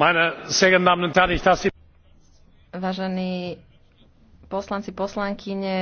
vážení poslanci poslankyne